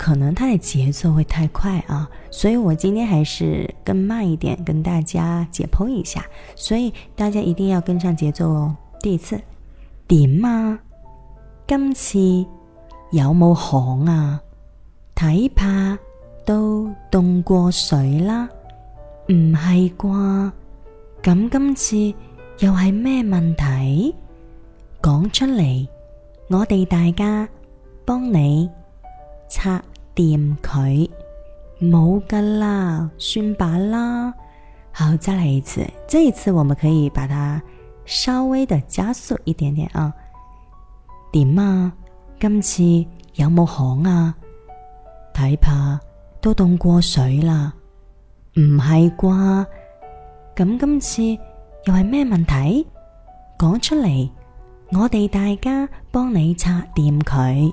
可能他的節奏會太快啊，所以我今天還是更慢一點跟大家解剖一下，所以大家一定要跟上節奏哦。第一次點啊？今次有冇行啊？睇怕都凍過水啦，唔係啩？咁今次又係咩問題？講出嚟，我哋大家幫你拆掂佢，冇噶啦，算罷啦。好，再來一次，這一次我們可以把它稍微的加速一點點啊。點啊？今次有冇行啊？睇怕都凍過水啦，唔係啩？咁今次又係咩問題？講出嚟，我哋大家幫你拆掂佢。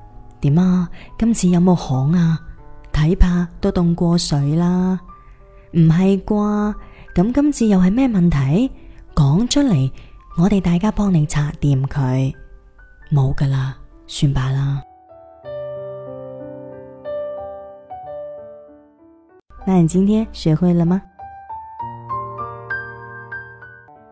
點啊？今次有冇行啊？睇怕都凍過水啦，唔係啩？咁今次又係咩問題？講出嚟，我哋大家幫你拆掂佢，冇噶啦，算罷啦。那你今天學會了嗎？